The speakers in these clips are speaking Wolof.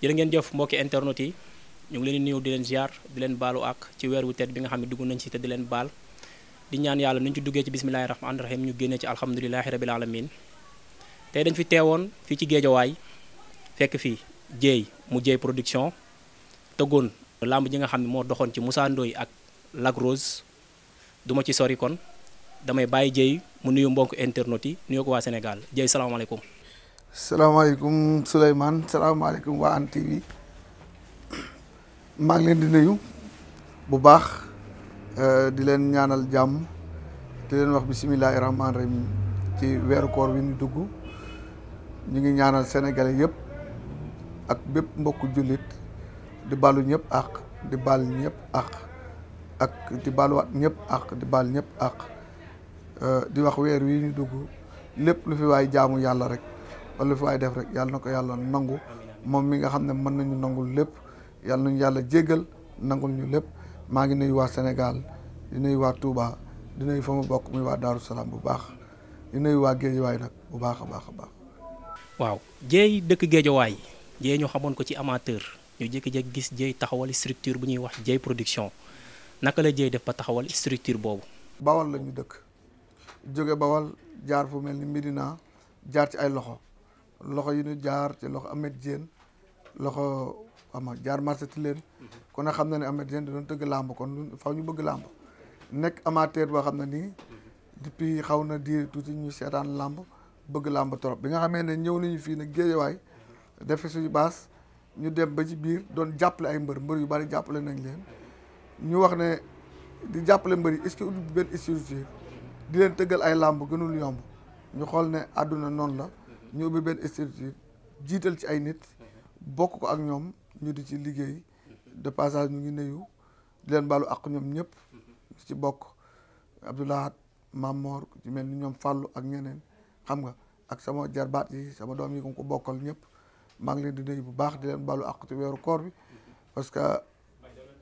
jërë ngeen jëf mbokki internet yi ñu ngi leen di nuyu di leen ziar di leen balu ak ci wër wu tet bi nga xamni duggu nañ ci te di leen bal di ñaan yalla nañ ci duggé ci bismillahir rahmanir rahim ñu génnee ci alhamdullilah rabbil alamin tay dañ fi téwon fi ci way fekk fi mu production tegon lamb ji nga xamni mo doxon ci Moussa Ndoy ak Lac Rose duma ci sori kon damay baye jéey mu nuyu mbokk internet yi nuyu ko wa Sénégal alaykum Assalamualaikum Sulaiman, assalamualaikum waa TV maa leen di nuyu bu baax eh, di leen ñaanal jam, di leen wax bisimilahi rahmaani rahim ci weeru koor wi ñu dugg yep, ngi ñaanal sénégalais ak bep mbokku jullit di balu ñëpp ak, di bal ñëpp ak, ak di baluwaat ñëpp ak, eh, di bal ñëpp ak, di wak wer wi dugu, dugg lépp lu fi waay jaamu rek wala fi waay def rek yalla nako yalla yàlla nangu moom mi nga xamne man nañu nangul lepp yalla nañu yalla jéggal nangul ñu lepp ma ngi nuyu wa senegal di nuyu wa Touba di nuyu fama bok muy wa daru salam bu baax di nuyu waa way nak bu baaxa baaxa baax waaw jey dekk jéey way jey ñu xamone ko ci amateur ñu jek jek gis jey taxawal structure bu ñuy wax jey production naka la jey def ba taxawal structure bobu Bawal lañu dekk joge Bawal jaar fu melni Medina jaar ci ay loxo. loxo yi nu jaar ci loxo Amet Dieng loxo ama jaar marché ti leen mhm. kon a xam na ne Amet Dieng da doon tëgg làmb kon faw ñu bëgg làmb nekk amateur boo xam ne nii mhm. depuis xaw na diir tuuti ñu seetaan làmb bëgg làmb trop bi nga xamee ne ñëw nañu fii nag géejewaay mhm. defe suñu baas ñu dem ba ci biir doon jàppale ay mbër mbër yu bari jàppale nañ leen ñu wax ne di jàppale mbër yi est-ce que benn structure di leen tëggal ay làmb gënul yomb ñu xool ne àdduna noonu la ñu ubbi benn structure jiital ci ay nit bokk ko ak ñoom ñu di ci liggéey de passage ñu ngi nuyu di leen baalu ak ñoom ñëpp ci bokk Abdoulahat Mamor ku ci mel ni ñoom Fàllu ak ñeneen xam nga ak sama jarbaat yi sama doom yi ko ko bokkal ñëpp maa ngi leen di nuyu bu baax di leen baalu ak ci weeru koor bi parce que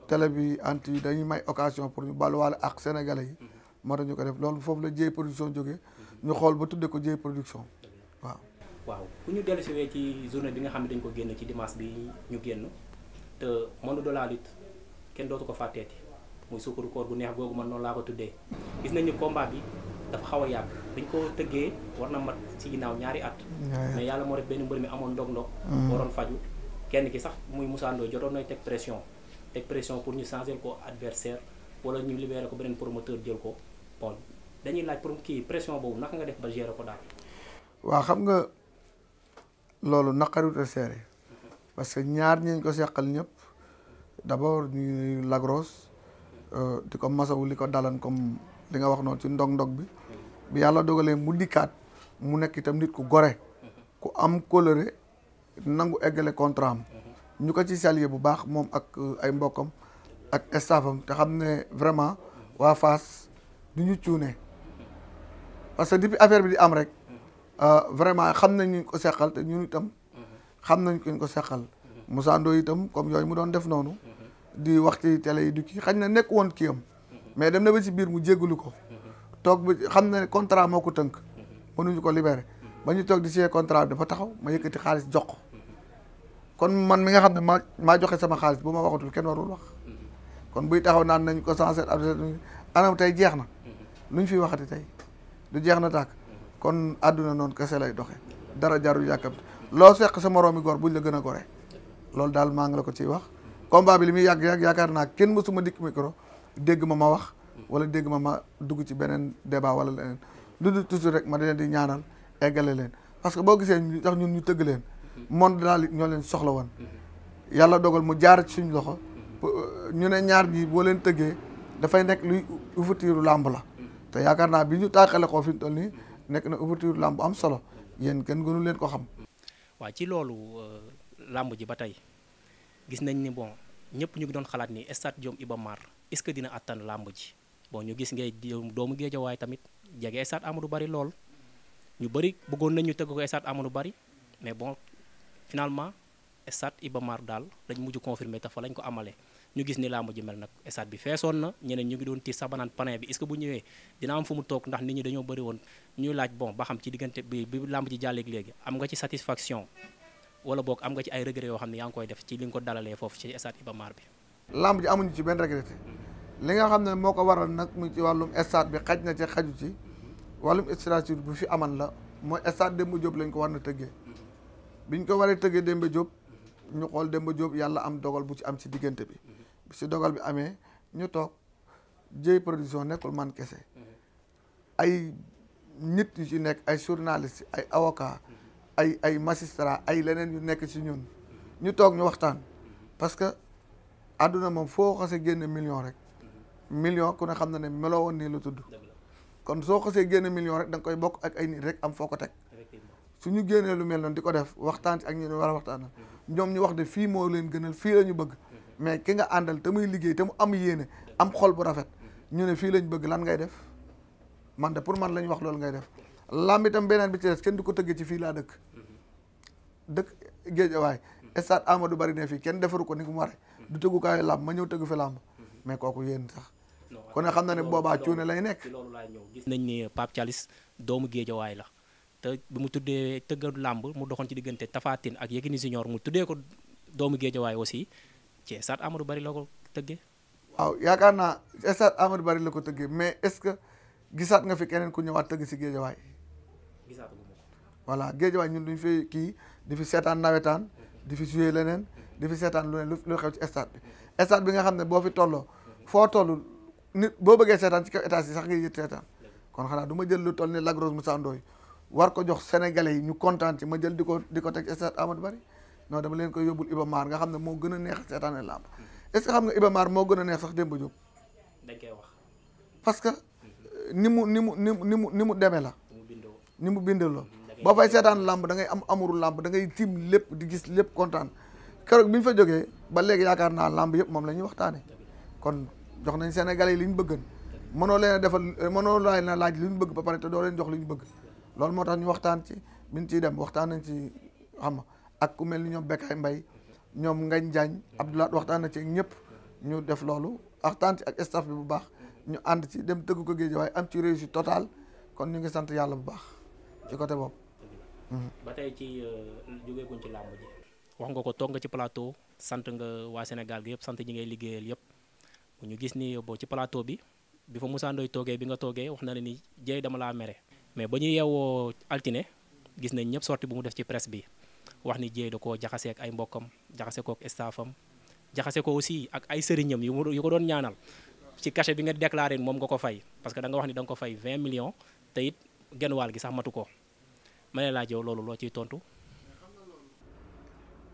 tele bi anti yi dañuy may occasion pour ñu baaluwaale ak sénégalais yi moo tax ñu ko def loolu foofu la Dieye Production jógee ñu xool ba tuddee ko Dieye Production waaw waaw bu ñu dellu siwee ci journée bi nga xam ne dañ ko génn ci dimanche bi ñu génn te monde de la lutte kenn dootu ko fàtteeti muy sukkaru koor gu neex googu man noonu laa ko tuddee gis nañu combat bi dafa xaw a yàgg dañ ko tëggee war na mat ci ginnaaw ñaari at mais yàlla moo def benn mbër mi amoon ndog ndog mm. waroon faju kenn ki sax muy Moussa Ndoye jotoon nay teg pression teg pression pour ñu changer ko adversaire wala ñu libéré ko beneen promoteur jël ko bon dañuy laaj pour kii pression boobu naka nga def ba gérer ko daal loolu naqariwut a seere parce que ñaar ñeñ ko seqal ñëpp d'abord ñuy lagros euh, di ko masawu li ko dalan comme li nga wax noonu ci ndog-ndog bi bi yàlla dogalee mu dikkaat mu nekk itam nit ku gore ku am coloré nangu eggale contrat am ñu ko ci saluer bu baax moom ak euh, ay mbokkam ak staffam te xam ne vraiment waa fas du ñu cuune parce que depuis affaire bi di am rek Euh, vraiment xam nañ ñu ko seqal te ñun itam xam nañ ko ñu ko seqal Moussa Ndoye itam comme yooyu mu doon def noonu di wax ci télé yi du kii xañ na nekk woon kii yam mais dem na ba si biir mu jéggalu ko toog ba xam na ne contrat moo ko tënk nu ñu ko libéré ba ñu toog di signé contrat bi dafa taxaw ma xaalis jox kon man mi nga xam ne ma maa joxe sama xaalis bu ma waxatul kenn warul wax kon buy taxaw naan nañ ko sensé ab anam tey jeex na mm-hmm. luñ fi waxati tey du jeex na tàkk kon àdduna noonu kese lay doxe dara jarul yàkkamte loo seq sa moroomi gor bu ñu la gën a gore loolu daal maa ngi la ko ciy wax combat bi li muy yàgg-yàgg yaakaar naa kenn mësuma dikk micro dégg ma ma wax wala dégg ma ma dugg ci beneen débat wala leneen lu dul toujours rek ma di di ñaanal eggale leen parce que boo gisee ñu tax ñun ñu tëgg leen monde daal ñoo leen soxla woon yàlla dogal mu jaar ci suñ loxo euh, ñu ne ñaar ñi boo leen tëggee dafay nekk luy ouverture làmb la te yaakaar naa bi ñu tàqale koo fi mu toll nii nekk na ouverture làmb bu am solo yéen kenn gënu leen ko xam. waa ci loolu euh, làmb ji ba tey gis nañ ni bon ñëpp ñu ngi doon xalaat ni stade Diop Iba Mar est-ce que dina attan làmb ji bon ñu gis ngay doomu géejawaay tamit jege stade Amadou bari lool ñu bëri bëggoon nañ ñu tëgg ko stade Amadou bari mais bon finalement stade Iba Mar daal dañ mujj confirmer te fa lañ ko amalee. ñu gis ni làmb ji mel nag stade bi feesoon na ñeneen ñu ngi doon tiit sax ba naan panain bi est-ce que bu ñëwee dina am fu mu toog ndax nit ñi dañoo bëri woon ñuy laaj bon ba xam ci diggante bi bi làmb ji jàlleeg léegi am nga ci satisfaction wala boog am nga ci ay regret yoo xam ne yaa ngi koy def ci li nga ko dalalee foofu amuñu ci benn regretté li nga xam ne moo ko waral nag mu ci wàllum stade bi xaj na ci xaju ci wàllum structure bu fi aman la mooy dem Demba Diop lañ ko war na tëggee biñ ko waree tëggee ba Diop ñu xool Demba Diop yàlla am dogal bu ci am ci diggante bi si dogal bi amee ñu toog Dieye Production nekkul man kese mm-hmm. ay nit yu ci nekk ay journaliste ay avocat mm-hmm. ay ay magistrat ay leneen yu nekk ci ñun ñu toog ñu waxtaan mm-hmm. parce que àdduna moom foo xasee génn million rek million ku ne xam na ne meloo woon nii lu tudd kon soo xasee génn million rek da koy bokk ak ay nit rek am foo ko teg su ñu génnee lu mel noonu di ko def waxtaan ci ak ñu war a waxtaan ñoom ñu wax de fii moo leen gënal fii la ñu bëgg mais ki nga andal te muy liggéey te mu am yene am xol bu rafet ñu ne fi lañ bëgg lan ngay def man da pour man lañ wax lool ngay def làmb itam beneen bi ci des kenn du ko tëggee ci fi la dëkk dëkk way stade Amadou bari ne fi kenn defaru ko ni ko mu du teggu kay lamb ma ñew teggu fi lamb mais koku yéen sax kon xam na ne boobaa cuune lay nekk loolu laa ñew gis nañ ni pap chalis doomu way la te bi mu tuddé teggu lamb mu doxon ci digënté Tapha ak Yékini Junior mu tuddé ko doomu way aussi ci stade amadou bari lako ko tëggee waaw yaakaar naa ya amadou bari lako ko mais est ce que gisaat nga fi kenen ku ñëwaat tëgg si géejawaay gisaat voilà way ñun duñ fi ki di fi seetaan nawetaan di fi jouer lenen di fi seetaan lu lu xew ci estat bi estat bi nga xam bo fi tollo fo tollu nit bo bëggee seetaan ci état ci sax ngay yët seetaan kon xana duma jël lu toll ni lagros Rose war ko jox sénégalais yi ñu kontaan ci ma jël diko diko tek estat amadou bari non dama leen koy yóbbul Iba Mar nga xam ne moo gën a neex seetaane làmb est-ce que xam nga Iba Mar moo gën a neex sax Demba Diop dañ koy wax parce que ni mu ni mu ni mu ni mu ni mu demee la ni mu bindaloo boo fay seetaan làmb da ngay am amuru làmb da ngay tiim lépp di gis lépp kontaan keroog bi ñu fa jógee ba léegi yaakaar naa làmb yëpp moom la ñuy waxtaane kon jox nañ Sénégalais yi li ñu bëggan mënoo leen a defal mënoo laaj na laaj li ñu bëgg ba pare te doo leen jox li ñu bëgg loolu moo tax ñu waxtaan ci biñ ciy dem waxtaan nañ ci xam nga ak ku mel ñom Bekay mbay ñom Ngañ jañ abdoulat waxtana ci ñëpp ñu def lolu waxtan ci ak staff bi bu baax ñu and ci dem tëgg ko géej way am ci réussite total kon ñu ngi sant yalla bu baax ci côté bob mhm. ba tey ci euh, jógeekuñ ci lamb ji. wax nga ko tong ci plateau sant nga wa Sénégal gi yëpp sant ñi ngay liggéeyal yëpp ñu gis ni bo ci plateau bi bi fa Moussa ndoy toogee bi nga toogee wax na ni jey dama la mere. mais bañu ñu altiné altine gis nañ ñëpp sorti bu mu def ci presse bi wax ni jey da koo bokom ak ay mbokam jaxase ko ak staffam jaxase ko aussi ak ay serignam yu yu ko don ñaanal ci cachet bi nga déclarer mom nga ko fay parce que da nga wax ni da nga ko fay 20 millions te it genwal gi sax matu ko ma ne laaj yow loolu tontu.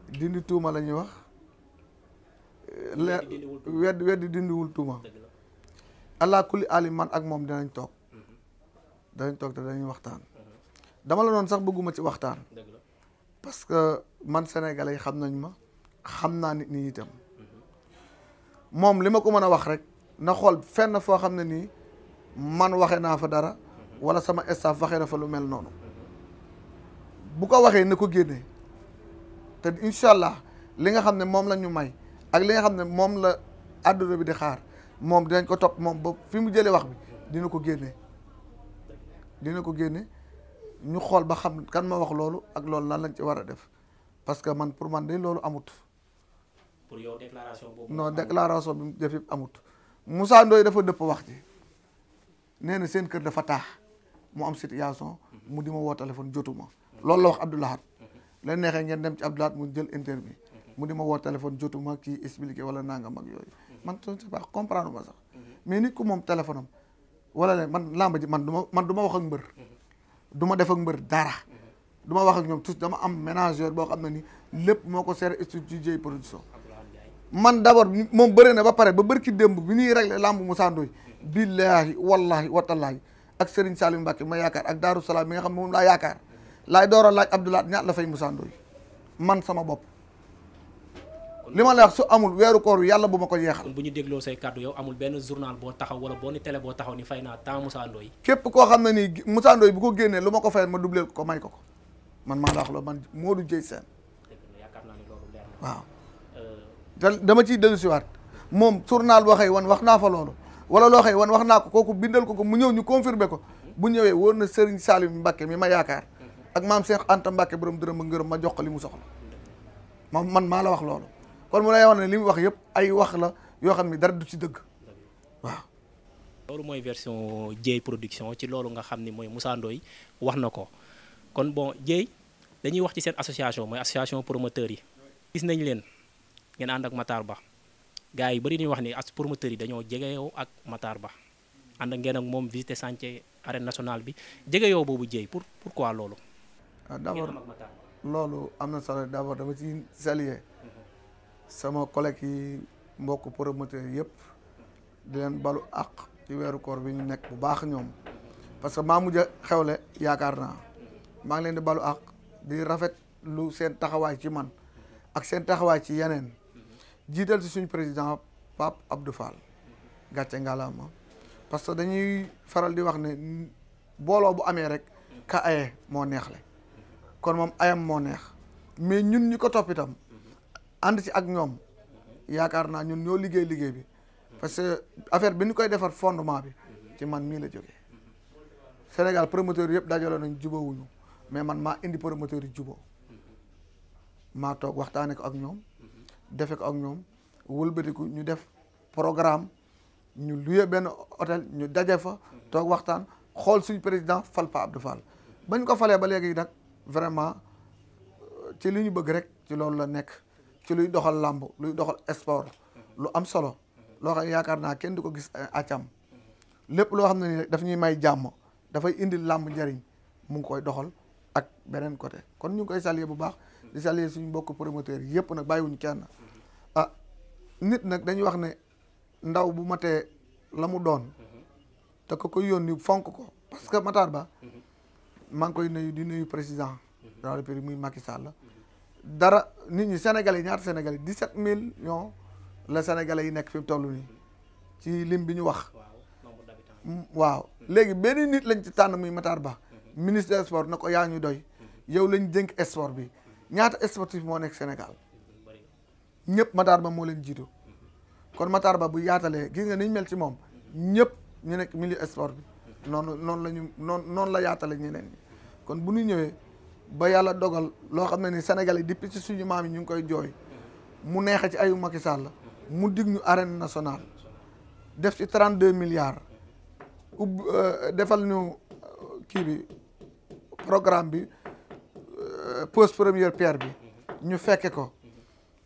dindi tuma la wax. wedd wedd dindi wul tuma allah kulli ali man ak mom dinañ tok mhm. dañ tok te dañ waxtaan. dama la non sax bëgguma ci waxtaan. parce que man sénégalais yi xam nañ ma xam naa nit ñi itam moom li ma ko mën a wax rek na xool fenn foo xam ne nii man waxe naa fa dara wala sama staff waxee na fa lu mel noonu bu ko waxee na ko génne te incha allah li nga xam ne moom la ñu may ak li nga xam ne moom la àdduna bi di xaar moom dañ ko topp moom ba fi mu jëlee wax bi dina ko génne dina ko génne ñu xool ba xam kan ma wax loolu ak loolu lan lañ ci war a def parce que man pour man de loolu amut. pour yow déclaration boobu. non déclaration bi mu def yëpp amut Moussa dafa dëpp wax ji nee na seen kër dafa taax mu am situation mu di ma woo téléphone jotuma lool la wax Abdoulahat mhm. leen neexee ngeen dem ci Abdoulahat mu jël interview mhm. mu di ma woo téléphone jotuma kii expliqué wala nanga ak yooyu mhm. man je ne sais comprendre ma sax mais nit ku moom téléphone am wala man làmb ji man du ma man du ma wax ak mbër. du ma def ak mbër dara du ma wax ak ñoom tous dama am ménageur boo xam ne ni lépp moo ko seere studio production man d' abord moom bëri na ba pare ba bërki démb bi ñuy réglé lamb Moussa Ndoye billaahi wallahi watallaahi ak Serigne Salim Mbacke ma yaakaar ak Daaru Salaam mi nga xam ne moom laa yaakaar laay door a laaj Abdoulaye ñaat la fay Moussa man sama bopp li ma la wax su amul weeru koor yàlla bu ma ko yeexal bu ñu dégloo say kàddu yow amul benn journal boo taxaw wala boo ni télé boo taxaw ni fay naa temps Moussa Ndoye képp koo xam ne nii Moussa Ndoye bu ko génnee ma ko fayal ma dubleel ko may ko ko man maa la wax loolu man Modou Dieye Sène euh, dama ciy dellu moom journal boo xëy wax naa fa loolu wala loo wan wax naa ko kooku bindal ko ko mu ñëw ñu confirmer ko hmm. bu ñëwee wóor na Serigne Salim Mbacke mi ma yaakaar hmm. ak maam Cheikh Anta Mbacke borom dërëm ngërëm ma jox ko li mu soxla hmm. man man maa la wax loolu kon mu lay wax ne ayu wax yëpp ay wax la yoo xam ne dara du ci dëgg waaw. loolu mooy version production ci loolu nga xam ni mooy Moussa Ndoye wax na ko kon bon Dieye dañuy wax ci seen association mooy association promoteurs yi. gis nañ leen ngeen ànd ak Matar Ba gars yi bëri ni as promoteurs yi dañoo jegeyoo ak Matar Ba ànd ak ngeen ak moom visiter arène bi jegeyoo boobu Dieye pour pourquoi loolu. Ah, d' abord loolu am na solo d' abord dama sama collègue yi mbokk promoteur yep di leen balu ak ci wéru koor bi ñu nekk bu baax ñoom parce que maa ja xewle yaakaar naa ngi leen di balu ak di rafet lu seen taxawaay ci man ak seen taxawaay ci yeneen jiital ci suñu président Pape Abdou Fall gàcce ngalaama parce que dañuy faral di wax ne booloo bu amee rek ka aye moo kon moom ayam moo neex mais ñun ñi ko topp itam and ci ak ñom yaakar na ñun ñoo liggéey liggéey bi parce que affaire bi ñu koy défar fondement bi ci man mi la joggé Sénégal promoteur yépp dajalo nañ wuñu mais man ma indi promoteur jubo ma tok waxtane ko ak ñom défé ko ak ñoom wëlbatiku ñu def programme ñu luyé ben hôtel ñu dajé fa tok waxtaan xol suñu président fal Pa Abdou Fall bañ ko falé ba légui nak vraiment euh, ci li ñu bëgg rek ci loolu la nekk ci luy doxal làmb luy doxal sport lu am solo loo xam yaakaar naa kenn du ko gis accam eh, lépp loo xam ne ni daf ñuy may jàmm dafay indi làmb njariñ mu ngi koy doxal ak beneen côté kon ñu koy saluer bu baax di saluer suñu mbokk promoteurs yëpp nag bàyyiwuñ kenn ah nit nag dañuy wax ne ndaw bu matee la mu doon te ko koy yónni fonk ko parce que Matar Ba maa ngi koy nuyu di nuyu président de la muy Macky Sall dara nit ñi Sénégalais ñaata Sénégalais 17 millions la Sénégalais yi nekk fi mu toll nii ci lim bi ñu wax. Mm, waaw léegi benn nit lañ ci tànn muy Matar Ba. Mm-hmm. ministre des na ko yaa ñu doy. Mm-hmm. yow lañ dénk sport bi mm-hmm. ñaata sportif moo nekk Sénégal ñëpp Matar Ba moo leen jiito kon Matar Ba bu yaatalee gis nga niñ mel ci moom ñëpp ñu nekk milieu sport bi noonu noonu la ñu noonu noonu la yaatale ñeneen kon bu ñu ñëwee. ba yàlla dogal loo xam ne ni Sénégal yi depuis ci suñu maam yi ñu ngi koy jooy mu neexe ci ay ayu Macky Sall mu dig ñu arène nationale def ci trente deux milliards ub euh, defal ñu euh, kii bi programme bi euh, pose première pierre bi ñu fekke ko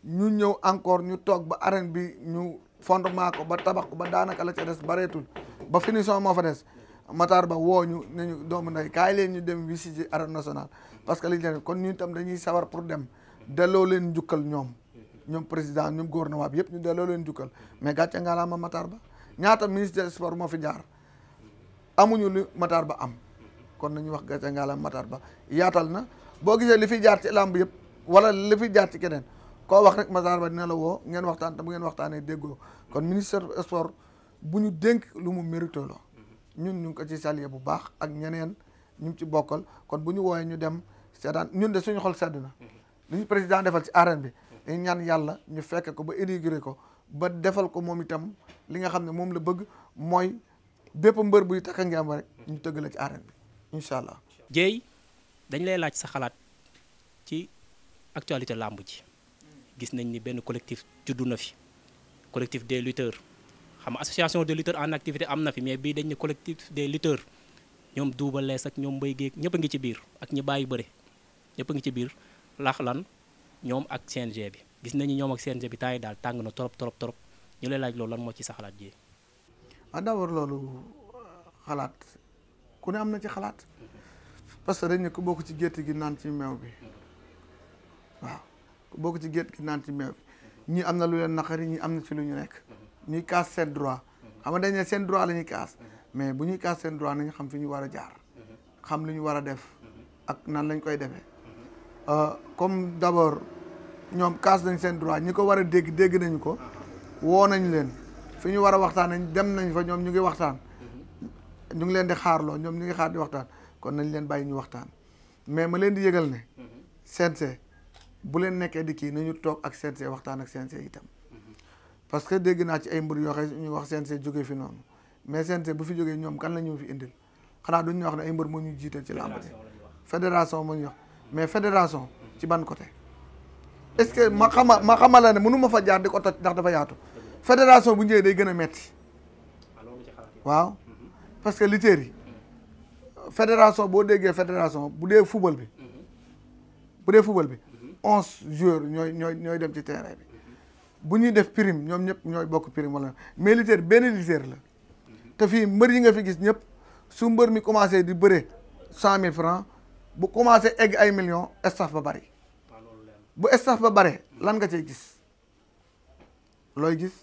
ñu ñëw encore ñu toog ba arène bi ñu fondement ko ba tabax ko ba daanaka la ci des bareetul ba finition moo fa des Matar Ba woo ñu ne ñu doomu ndey kaay leen ñu dem visiter arène national parce que li ñu kon ñun tam dañuy sawar pour dem delloo leen njukkal ñoom ñoom président ñoom gouvernement bi yëpp ñu delloo leen njukkal mais gàcce nga la ma ñaata ministère des moo fi jaar amuñu lu Matar Ba am kon nañu wax gàcce nga Matar Ba yaatal na boo gisee li fi jaar ci làmb yëpp wala li fi jaar ci keneen koo wax rek Matar Ba dina la ngeen waxtaan te bu ngeen waxtaanee déggoo kon ministère des bu ñu dénk lu mu mérité la ñun ñu ngi ko ci saluer bu baax ak ñeneen ñu ci bokkal kon bu ñu wooyee ñu dem seetaan ñun de suñu xol sedd na li ñu président defal ci arène bi dañu ñaan yàlla ñu fekke ko ba inauguré ko ba defal ko moom itam li nga xam ne moom la bëgg mooy bépp mbër buy takka ngi am rek ñu tëgg la ci arène bi incha allah. Dieye dañ lay laaj sa xalaat ci actualité làmb ji gis nañ ni benn collectif juddu na fi collectif des lutteurs xam association des lutteurs en activité am na fi mais bii dañ ne collectif des lutteurs. ñoom Double Less ak ñoom Mbaye Guèye ñëpp ngi ci biir ak ñi bàyyi bëre ñëpp a ngi ci biir laax lan ñoom ak CNG bi gis nañu ñoom ak CNG bi temps yi daal tàng na trop trop trop ñu lay laaj loolu lan moo ci sa xalaat ji. ah euh, am na ci xalaat parce que dañ ku bokk ci gétt gi naan ci meew bi waaw ku bokk ci gétt gi naan ci meew bi ñii am na lu leen naqari ñii am na ci lu ñu nekk ñuy kaas seen droit xam nga dañ ne seen droit la ñuy mais bu ñuy kaas seen droit nañu xam fi ñu war a jaar xam li ñu war a def ak nan lañ koy defee euh, comme d'abord ñoom kaas nañ seen droit ñi ko war a dégg dégg nañu ko woo nañ leen fi ñu war a waxtaan nañ dem nañu fa ñoom ñu ngi waxtaan ñu ngi leen di xaarloo ñoom ñu ngi xaar di waxtaan kon nañ leen bàyyi ñu waxtaan mais ma leen di yëgal ne CNG bu leen nekkee di kii nañu toog ak CNG waxtaan ak CNG itam parce que dégg naa ci ay mbir yoo xam ñu wax CNG jóge fi noonu mais CNG bu fi jógee ñoom kan la ñu fi indil xanaa duñ ñu wax ne ay mbër moo ñuy jiital ci làmb ji fédération moo ñu wax mais fédération ci ban côté est-ce que ma xama ma xama la ne mënu fa jaar di ko toj ndax dafa yaatu fédération bu ñëwee day gën a metti waaw parce que lutteurs yi fédération boo déggee fédération bu dee football bi bu dee football bi onze joueurs ñooy ñooy ñooy dem ci terrain bi bu ñuy def prime ñoom ñëpp ñooy bokk prime wala mais lutteur benn lutteur la te fii mbër yi nga fi gis ñëpp su mbër mi commencé di bëre cent mille francs bu commencé egg ay million staff ba bari bu staff ba bari lan nga cay gis looy gis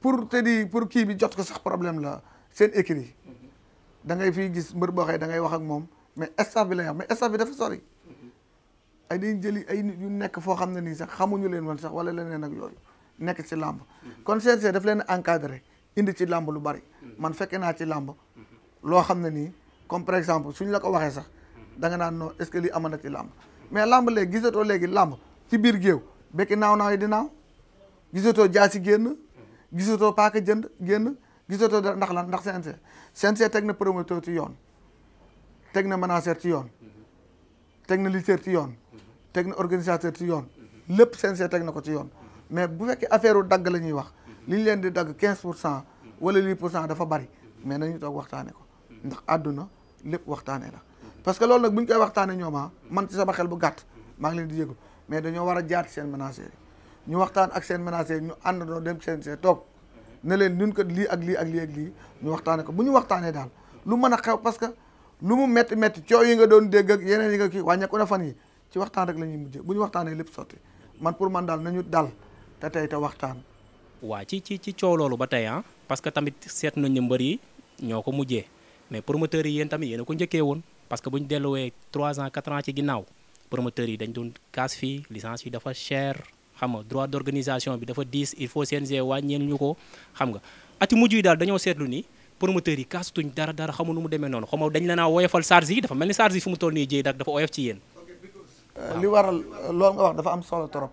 pour te di pour kii bi jot ko sax problème la seen écrit da ngay fii gis mbër boo xëy da ngay wax ak moom mais staff bi lay wax mais staff bi dafa sori mm-hmm. ay dañ jëli ay nit yu nekk foo xam ne nii sax xamuñu leen woon sax wala leneen ak yooyu nekk ci làmb kon CNG daf leen encadré indi ci làmb lu bari man fekke naa ci làmb loo xam ne nii comme par exemple suñ la ko waxee sax da nga naan non est-ce que lii amoon na ci làmb mais làmb léegi gisatoo léegi làmb ci biir géew bekki naaw naaw yi di naaw gisatoo jaasi génn gisatoo paaka jënd génn gisatoo dara ndax lan ndax CNG CNG teg na promoteur ti yoon teg na manager ci yoon teg na lutteur ci yoon teg organisateur ci yoon lépp CNG teg na ko ci yoon mais bu fekké affaireu dag lañuy wax li leen di dag 15% wala 8% dafa bari mais nañu tok waxtané ko ndax aduna lepp waxtané la parce que lool nak buñ koy waxtané ñoma ah, man ci sama xel bu gatt ma ngi leen di yeggu mais dañu wara a jaar seen menacer ñu waxtaan ak seen menacer ñu àndandoo dem seen see toog ne leen ñun ko li ak li ak li ak li ñu waxtané ko buñu waxtané dal lu mëna xew parce que lu mu metti metti coow yi nga doon dégg ak yeneen yi nga ki wañé ko na fan yi ci waxtaan rek lañuy mujjé buñu waxtané lepp waxtaanee man pour man dal nañu dal te tey te waxtaan. waa ci ci ci coow loolu ba tey ah, parce que tamit seet nañ ne mbër yi ñoo ko mujjee mais promoteurs yi yéen tamit yéen a ko njëkkee woon parce que bu ñu delluwee 3 ans 4 ans ci ginnaaw promoteurs yi dañ doon kaas fii licence yi dafa cher xam nga droit d'organisation bi dafa diis il faut CNG wàññeel ñu ko xam nga ati mujj yi daal dañoo seetlu ni promoteurs yi kaasutuñ dara dara xamu nu mu demee noonu xaw ma dañ la naa woyofal oyof euh, am solo trop.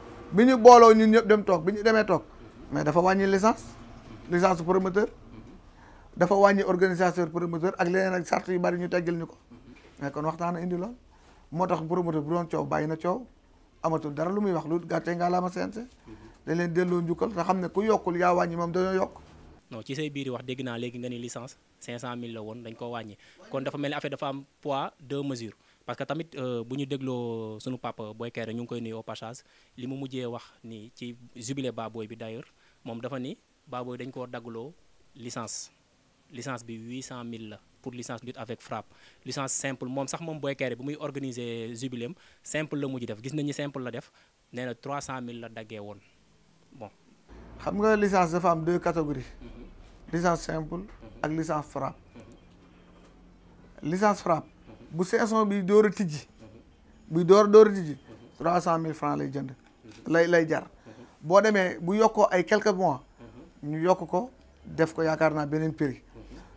bi ñu booloo ñun ñëpp dem toog bi ñu demee toog mais dafa wàññi licence licence promoteur dafa wàññi organisateur promoteur ak leneen ak sart yu bari ñu teggil ñu ko mais kon waxtaan indi lool moo tax promoteur bu doon coow bàyyi na coow amatul dara lu muy wax lu gàttee nga laa ma CNG dañ leen delloo njukkal te xam ne ku yokkul yaa wàññi moom dañoo yokk non ci say biir wax dégg naa léegi nga ni licence cinq cent mille la woon dañ ko wàññi kon dafa mel ni affaire dafa am poids parce que tamit euh, bu ñu dégloo sunu papa Boy Kairé ñu ngi koy nuyu au passage li mu mujjee wax ni ci jubilé Baboy bi d'ailleurs moom dafa ni Baboy dañ koo daggloo licence licence bi 800000 la pour licence lutte avec frappe licence simple moom sax moom Boy Kairé bi muy organiser jubiléem simple la mujj def gis nañu simple la def nee na 300000 la daggee woon bon. xam nga licence dafa am deux catégories. Mhm. licence simple. Mhm. ak licence frappe. Mhm. licence frappe. bu saison bi door a tijji buy door door a tijji trois cent mille francs lay jënd lay lay jar boo demee bu yokkoo ay quelques mois ñu yokk ko def ko yaakaar naa beneen prix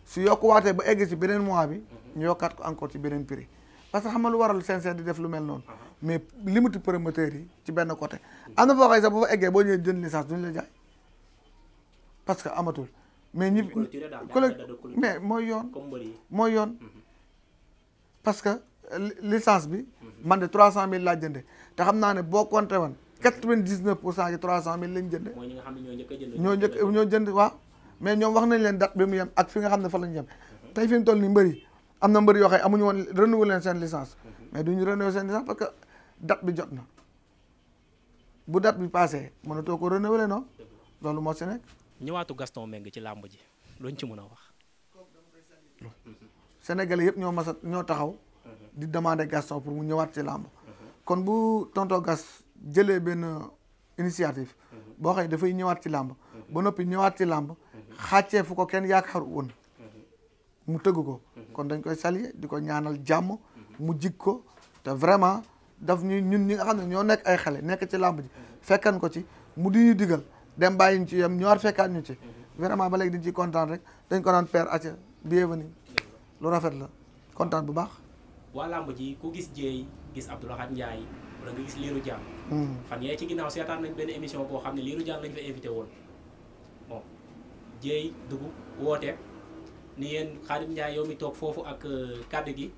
su yokk yokkuwaatee ba egg ci beneen mois bi ñu yokkaat ko encore ci beneen prix parce que xam nga lu waral CNCR di def lu mel noonu mais limite promoteur yi ci benn côté am na foo xay sax bu fa eggee boo ñëwee jënd licence duñu la jaay parce que amatul mais ñi mais mooy yoon mooy yoon parce que euh, licence bi. man de trois cent mille laa jënde te xam naa ne boo compté woon quatre vingt dix neuf pour cent ci trois cent mille lañ jënde ñoo njëkk a jënd. ñoo mais ñoom wax nañ leen date bi mu yem ak fi nga xam ne fa la ñu yem. Mhm. tey fi mu toll nii mbëri am na mbëri yoo xam ne amuñu woon renouveler leen seen licence. Mhm. mais duñu renouveler seen licence parce que date bi jot na bu date bi passé mënatoo ko renouveler non loolu moo si nekk. ñëwaatu Gaston Mbengue ci làmb ji luñ ci mën a wax. sénégalais yépp ñoo mas a ñoo taxaw di demander Gaston pour mu ñëwaat ci lamb kon bu tonto Gas jëlé ben initiative xey da fay ñëwaat ci lamb ba nopi ñëwaat ci lamb xàccee fu ko kenn yaakaaru won mu tëgg ko kon dañ koy saluer diko ñaanal jamm mu ko vraiment daf ñu ñun ñi nga xamné ne ñoo nekk ay xalé nek ci lamb ji fekkan ko ci mu di ñu digal dem bàyyi ci yam war fekkan ñu ci vraiment ba légui dañ ci kontaan rek dañ ko nane père acca bienvenue lu rafet la kontaan bu baax. waa làmb ji ku gis Dieye gis Abdoulaye Ndiaye wala nga gis Lirou Diane. Hmm. fan yee ci ginnaaw seetaan nañ benn émission boo xam ne Lirou Diane lañ fa invité woon bon Dieye dugg woote ni yéen Khadim Ndiaye yow mi toog foofu ak euh, kàddu gi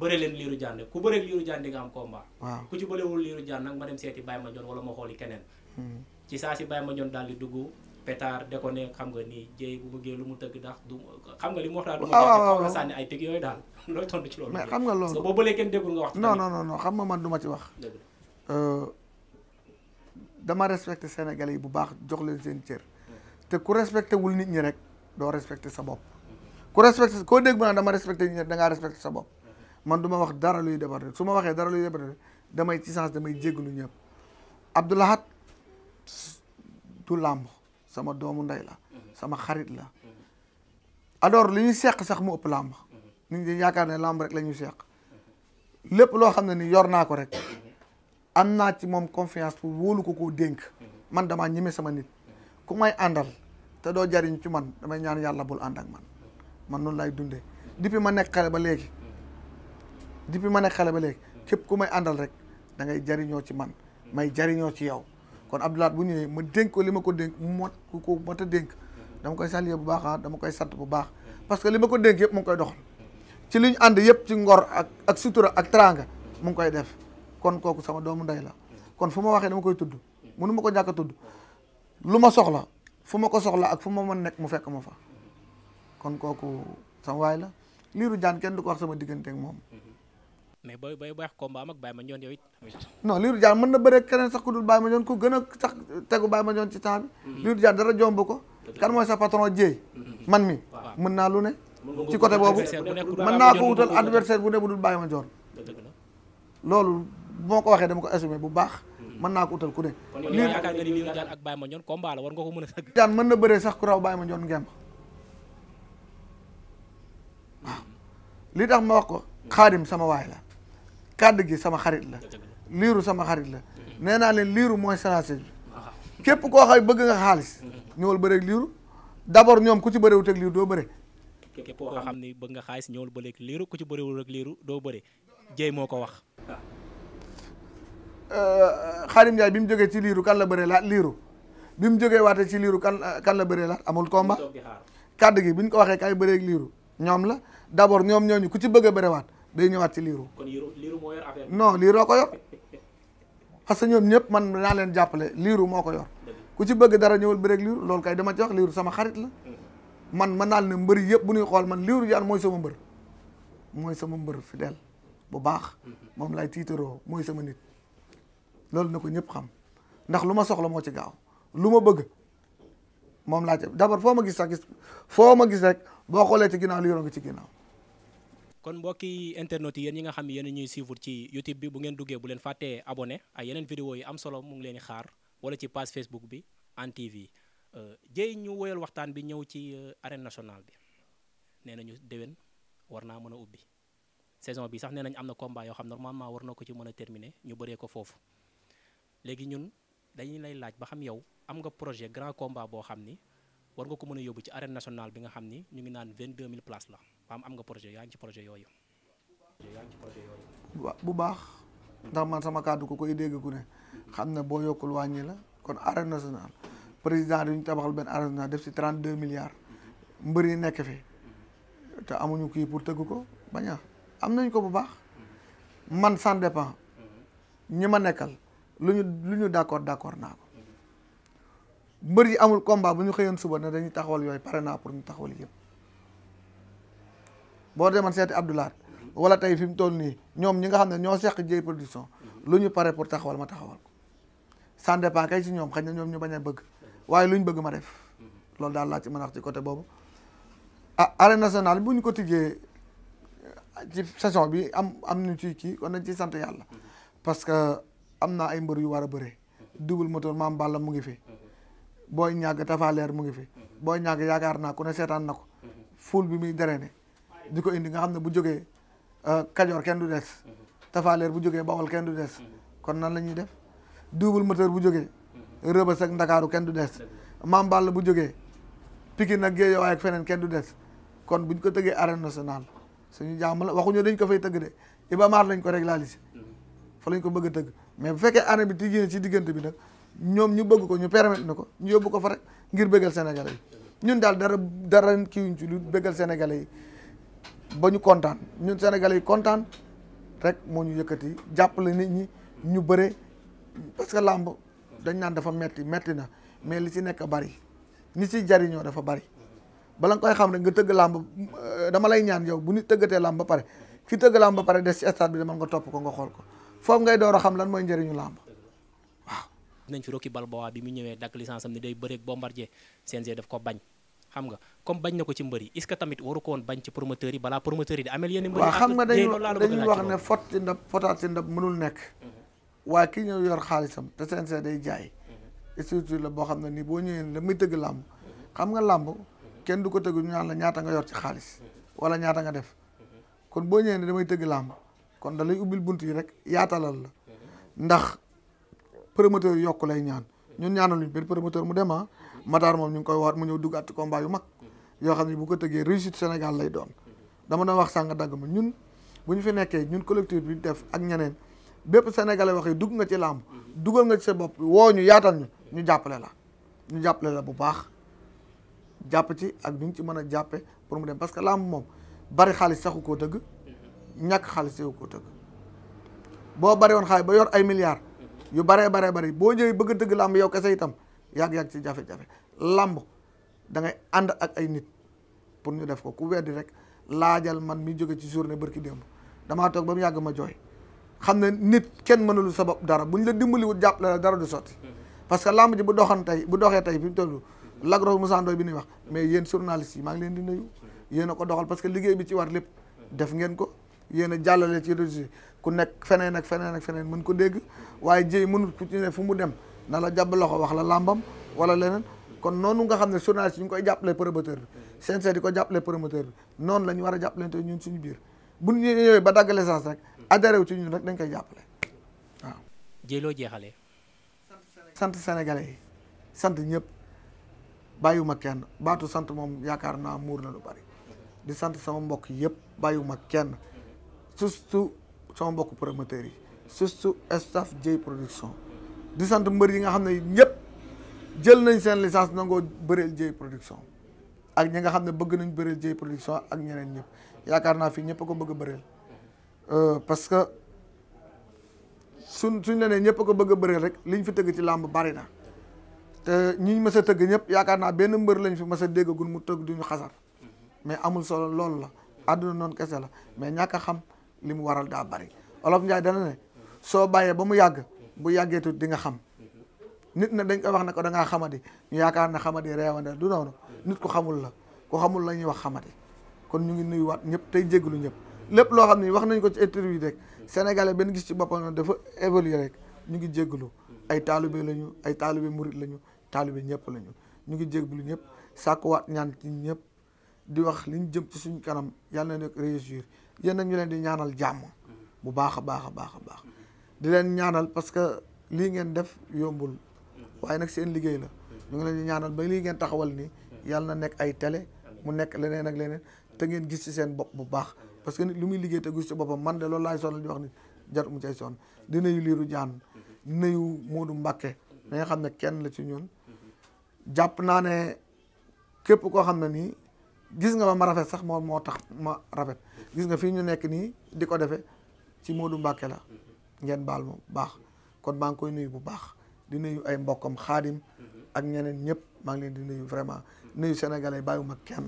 bëre leen Lirou Diane ku bëre Lirou Diane di nga am combat. ku ci bërewul Lirou Diane nag ma dem seeti ma Mandione wala ma xooli keneen. Hmm. ci saa si Baye Mandione daal di dugg. pétard de ko ne xam nga nii jéy bu bëggee lu mu tëgg ndax du xam nga li mu wax daal du ma sànni daal looy tontu ci loolu mais xam nga loolu boobu ba léegi wax non non non non xam man du ma ci wax euh, dama respecté Sénégalais yi bu baax jox leen seen cër te ku respecté wul nit ñi rek doo respecté sa bopp ku respecté koo dégg mu naan dama respecté nit da ngaa respecté sa bopp man du wax dara luy débattre su ma waxee dara luy débattre damay ci sens damay jéggalu ñëpp Abdoulahat du làmb sama doomu nday la sama xarit la alors li ñu seq sax mu upp lamb ñu ñi yaakaar ne lamb rek lañu ñu seq lépp loo xam ne ni yor naa ko rek am naa ci moom confiance pour wóolu ko koo dénk man dama ñeme sama nit ku may àndal te doo jariñ ci man damay ñaan yàlla bul ànd ak man man noonu lay dundee depuis ma nekk xale ba léegi depuis ma nekk xale ba léegi képp ku may àndal rek da ngay jariñoo ci man may jariñoo ci yow kon Abdoulaat bu ñëwee ma dénk ko li ma ko dénk mot ko mot a dénk dama koy saluer bu baaxa dama koy sant bu baax parce que li ma ko dénk yëpp mu koy dox ci li ñu ànd yëpp ci ngor ak ak sutura ak teraanga mu ngi koy def kon kooku sama doomu ndey la kon fu ma waxee dama koy tudd mënu ma ko ñàkk tudd lu ma soxla fu ma ko soxla ak fu ma mën nekk mu fekk ma fa kon kooku sama waay la liiru jaan kenn du ko wax sama diggante ak moom mais booy booy wax combat am ak Baye Mandione yow it. non Lirou Diane mën na bëre keneen sax ku dul Baye Mandione ku gën a sax tegu Baye Mandione ci temps bi. Mhm. Lirou Diane dara jomb ko. kan mooy sa patron Dieye. Mhm. man mi mën naa lu ne. ci côté boobu mën naa ko wutal adversaire bu ne bu dul Baye Mandione. loolu boo ko waxee dama ko assumer bu baax. Mhm. mën naa ko utal ku ne. Lirou yaakaar nga ni Lirou Diane ak Baye Mandione combat war nga ko mën a sëgg. Diane mën na bëree sax ku raw Baye Mandione ngemb li tax ma wax ko xaadim sama waay la kàdd gi sama xarit la liiru sama xarit la mm-hmm. nee naa leen liiru mooy sensé bi ah. képp koo xay bëgg nga xaalis mm-hmm. ñëwal bëreeg liiru d'abord ñoom ku ci bëreewut ak doo bëre képp koo xam ne bëgg nga xaalis ñëwal bëreeg liiru ku ci bëreewul ak liiru doo bëre moo ko wax ah. euh, Xarim Ndiaye bi mu jógee ci liiru kan la bëree laat liiru bi mu jógee waate ci liiru kan kan la bëree laat amul combat kàddu gi bi ñu ko waxee kay bëreeg liiru ñoom la d'abord ñoom ñooñu ku ci bëgg a bërewaat day ñëwaat ci liiru. kon liiru mo yor affaire non liru ko yor parce ñom ñëpp man na leen jappalé liiru moko yor. ku ci bëgg dara ñëwul bërek liiru lool kay dama ci wax liiru sama xarit la. Hmm. man man naa ne mbeur yëpp bu ñuy xol man liiru yaan moy sama mbeur moy sama mbeur fidèle bu baax. mom hmm. lay tiitaroo moy sama nit. lool nako nyep ñëpp xam ndax luma soxla mo ci gaaw luma bëgg mom la ci d'abord fo ma gis sax gis ma gis rek bo xolé ci ginaaw liru nga ci ginaaw kon mbokki internet yi yéen yi nga xam ne yéen ñuy suivre ci youtube bi bu ngeen duggee bu leen fàttee abonné ay yeneen vidéo yi am solo mu ngi leen di xaar wala ci page facebook bi Hann TV euh, jéy ñu woyal waxtaan bi ñëw ci euh, arène nationale bi nee nañu déwén war naa mën a ubbi saison bi sax nee nañ am na combat yoo xam normalement war na ko ci mën a terminer ñu bëree ko foofu léegi ñun dañuy lay laaj ba xam yow am nga projet grand combat boo xam ni war nga ko mën a yóbbu ci arène nationale bi nga xam ni ñu la maam am nga projet yaa ngi ci projet yooyu. waaw bu baax. ndax man sama kàddu ko koy dégg ku ne xam ne boo yokkul wàññi la kon arène nationale président dañu tabaxal benn arène nationale def si trent deux milliards mbër yi nekk fi te amuñu kii pour tëgg ko bañ am nañ ko bu baax man ça dépend ñi ma nekkal lu ñu lu ñu d' accord d' accord naa ko mbër yi amul combat bu ñu xëyoon suba ne dañuy taxawal yooyu pare naa pour ñu taxawal yëpp. boo demoon seeti Abdoulaye wala tey fi mu toll nii ñoom ñi nga xam ne ñoo seq jëy production lu ñu pare pour taxawal ma taxawal ko ça dépend kay ci ñoom xëy na ñoom ñu bañ a bëgg waaye lu ñu bëgg ma def loolu daal laa ci mën a ci côté boobu ah arène bu ñu ko tijjee ci saison bi am am nañu ci kii kon nañ ci sant yàlla parce que am naa ay mbër yu war a bëree double moteur maam Balla mu ngi fi booy ñàgg tafaleer mu ngi fi boo ñàgg yaakaar naa ku ne seetaan na ko ful bi muy derene di ko indi nga xam ne bu jógee euh, Kajoor kenn du des mm-hmm. Tafaleer bu jógee Bawol kenn du des mm-hmm. kon nan la ñuy def double moteur bu jógee mm-hmm. Rëbës ak Ndakaaru kenn du des Maam Balla bu jógee Pikine ak Géejawaay ak feneen kenn du des kon buñ ko tëggee arène nationale suñu jàmm waxuñu dañ ko fay tëgg de Iba Mar lañ ko régulariser fa lañ ko bëgg a mais bu fekkee arène bi tijjee ci diggante bi nag ñoom ñu bëgg ko ñu permettre na ko ñu yóbbu ko fa rek ngir bëggal Sénégalais ñun daal dara dara kiiwuñ ci lu bëggal Sénégalais yi ba ñu kontaan ñun sénégalais yi contane rek mo ñu yëkkati jàppale nit ñi ñu bëré parce que lamb dañ melisine dafa metti metti na mais li ci nekk bari ni ci jariño dafa bari bala nga koy xam rek nga tëgg lamb euh, dama lay ñaan yow bu nit lamb ba pare fi tëgg lamb ba pare dess ci stade bi dama nga top ko nga xol ko fof ngay dooro xam lan moy jariñu lamb waaw. nañ fi Rocky Balboa bi mu ñëwé dak licence am ni day Bombardier daf ko bañ xam nga comme bañ na ko ci mbeuri est ce que tamit waru ko won bañ ci promoteur yi bala promoteur yi amel yene mbeuri xam nga dañu dañu wax ne fotti ndab fotaati ndab mënul nek mhm. wa ki ñu yor xalisam te sen sen day jaay mhm. structure la bo xam ni bo boo ñëwee damay teug lamb mhm. xam nga lamb kenn du ko teug ñu naan la ñaata nga yor ci xalis wala ñaata nga def kon bo ñëwee ne damay teug lamb kon da lay ubbil bunt yi rek yaatalal la ndax promoteur yokku lay ñaan ñun ñaanal ñu bir promoteur mu dem ha ah. Matar mom ñu koy waat mu ñëw dugat combat yu mak yoo xam ne bu ko tëggee réussite Sénégal lay doon dama doon wax sànq dagg ma ñun bu ñu fi nekkee ñun collectif bi def ak ñeneen bépp sénégalais waxee dugg nga ci làmb dugal nga ci sa bopp woo ñu yaatal ñu ñu jàppale la ñu jàppale la bu baax jàpp ci ak ñu ci mën a jàppe pour mu dem parce que làmb moom bari xaalis saxu koo tëgg ñàkk xaalis saxu koo tëgg boo bari woon xaalis ba yor ay milliards yu baree baree bari boo ñëwee bëgg a tëgg làmb yow kese itam yàgg-yàgg ci jafe làmb da ngay ànd ak ay nit pour ñu def ko ku wedd rek laajal man mi joge ci journée barki démb dama tok bam yag ma joy xamne nit kenn mënulu sabab dara buñ la wut japp la dara du soti parce que lamb ji bu doxan tay bu doxé tay fi tollu lagro musa ndoy bi ni wax mais yeen journaliste yi ma ngi leen di nuyu yeen ko doxal parce que liggéey bi ci war lepp def ngeen ko yéen a ci réseau ku nek feneen ak feneen ak feneen mën ko deg waye jey mënul ku ci ne fu mu dem na la loxo wax la lambam wala leneen kon noonu nga xam ne journaliste ñu ngi koy jàppale promoteur bi CNG di ko jàppale promoteur bi noonu la ñu war a jàppalante ñun suñu biir bu ñu ñëwee ba dagg licence rek adhéré wu ci ñun rek dañ koy jàppale waaw. jéeloo sant Sénégalais yi sant ñëpp bàyyiwuma kenn baatu sant moom yaakaar naa muur na lu bari di sant sama mbokk yëpp bàyyiwuma kenn surtout sama mbokk promoteurs yi surtout staff Dieye production di sant mbër yi nga xam ne ñëpp. jël nañ seen licence nango beurel jey production ak ñinga xamne bëgg nañ beurel jey production ak ñeneen ñep yaakar na fi ñep ko bëgg beurel euh parce que suñ suñ la nee ñëpp ko bëgg beurel rek liñ fi tëgg ci lamb bari na té ñi mës a tëgg ñëpp yaakaar naa benn mbeur lañ fi mësa dégg guñ mu tëgg duñu xasar mais amul solo lool la aduna non kessa la mais ñaka xam limu waral da bari olof Njaay dana ne so baye ba mu yàgg bu yàggeetu di nga xam nit na dañ koy wax na ko da ngaa xamadi ñu yaakaar ne xamadi reewande du noonu nit ko xamul la ku xamul la ñuy wax xamadi kon ñu ngi waat ñëpp tey jégalu ñëpp lépp loo xam ne wax nañ ko ci interview yi rek sénégalais benn gis ci boppam dafa évoluer rek ñu ngi jégalu ay taalibe lañu ay taalibe murit lañu taalibe ñëpp lañu ñu ngi jégalu ñëpp waat ñaan ci ñëpp di wax liñ jëm ci suñu kanam yàlla na nekk réussir yéen nag ñu leen di ñaanal jàmm bu baax a baax a baax a baax di leen ñaanal parce que lii ngeen def yombul waaye nag seen liggéey la ñu ngi leen di ñaanal ba lii ngeen taxawal nii yàlla na nekk ay tele mu nekk leneen ak leneen te ngeen gis ci seen bopp bu baax parce que nit lu muy liggéey te gis ci boppam man de loolu laay sonal di wax cay sonn di nuyu Lirou nuyu Modou Mbacké da xam ne kenn la ci ñun jàpp naa ne képp koo xam ne nii gis nga ma rafet sax moom moo tax ma rafet gis nga fii ñu nekk nii di ko defee ci Modou Mbacké la ngeen baal ma bu baax kon maa ngi koy nuyu bu baax di nuyu ay mbokkam xaadim ak ñeneen ñëpp maa ngi leen di nuyu vraiment nuyu sénégalais ma kenn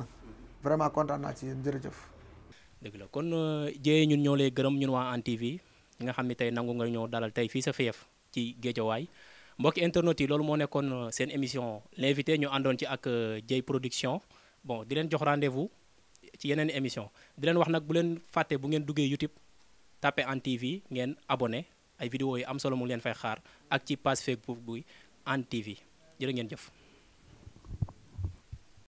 vraiment kontaan naa ci yéen jërëjëf. dëgg la kon euh, Dieye ñun ñoo lay gërëm ñun waa Hann TV nga xam ne tey nangu nga ñëw dalal tey fii sa feef e ci waay mbokki internet yi loolu moo nekkoon euh, seen émission l'invité ñu àndoon ci ak euh, Dieye production bon di leen jox rendez-vous ci yeneen émission di leen wax nag bu leen fàtte bu ngeen duggee YouTube tapé Hann TV ngeen abonné. ay vidéo yi am solo mu ngi leen fay xaar ak ci page Facebook bu Hann TV jërë ngeen jëf